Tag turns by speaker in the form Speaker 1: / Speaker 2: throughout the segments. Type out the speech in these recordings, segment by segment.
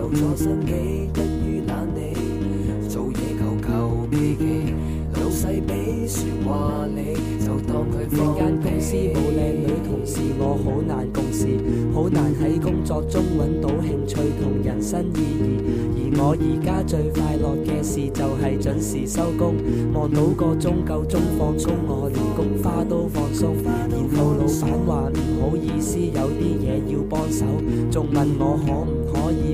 Speaker 1: 有咗神奇一遇冷你做嘢求求必
Speaker 2: 記，老細俾說話你就當佢房間，公司冇靚女同事，我好難共事，好難喺工作中揾到興趣同人生意義，而我而家最快樂嘅事就係、是、準時收工，望到個鐘夠鐘放鬆，我連菊花都放鬆，放鬆，然後老闆話唔好意思，有啲嘢要幫手，仲問我可唔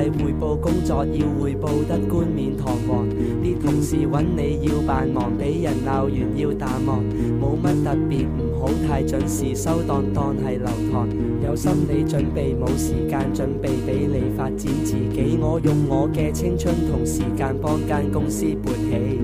Speaker 2: 匯報工作要匯報得冠冕堂皇，啲同事搵你要扮忙，俾人鬧完要淡忘。冇乜特別，唔好太準時收檔，當係留堂。有心理準備，冇時間準備，俾你發展自己。我用我嘅青春同時間幫間公司撥起。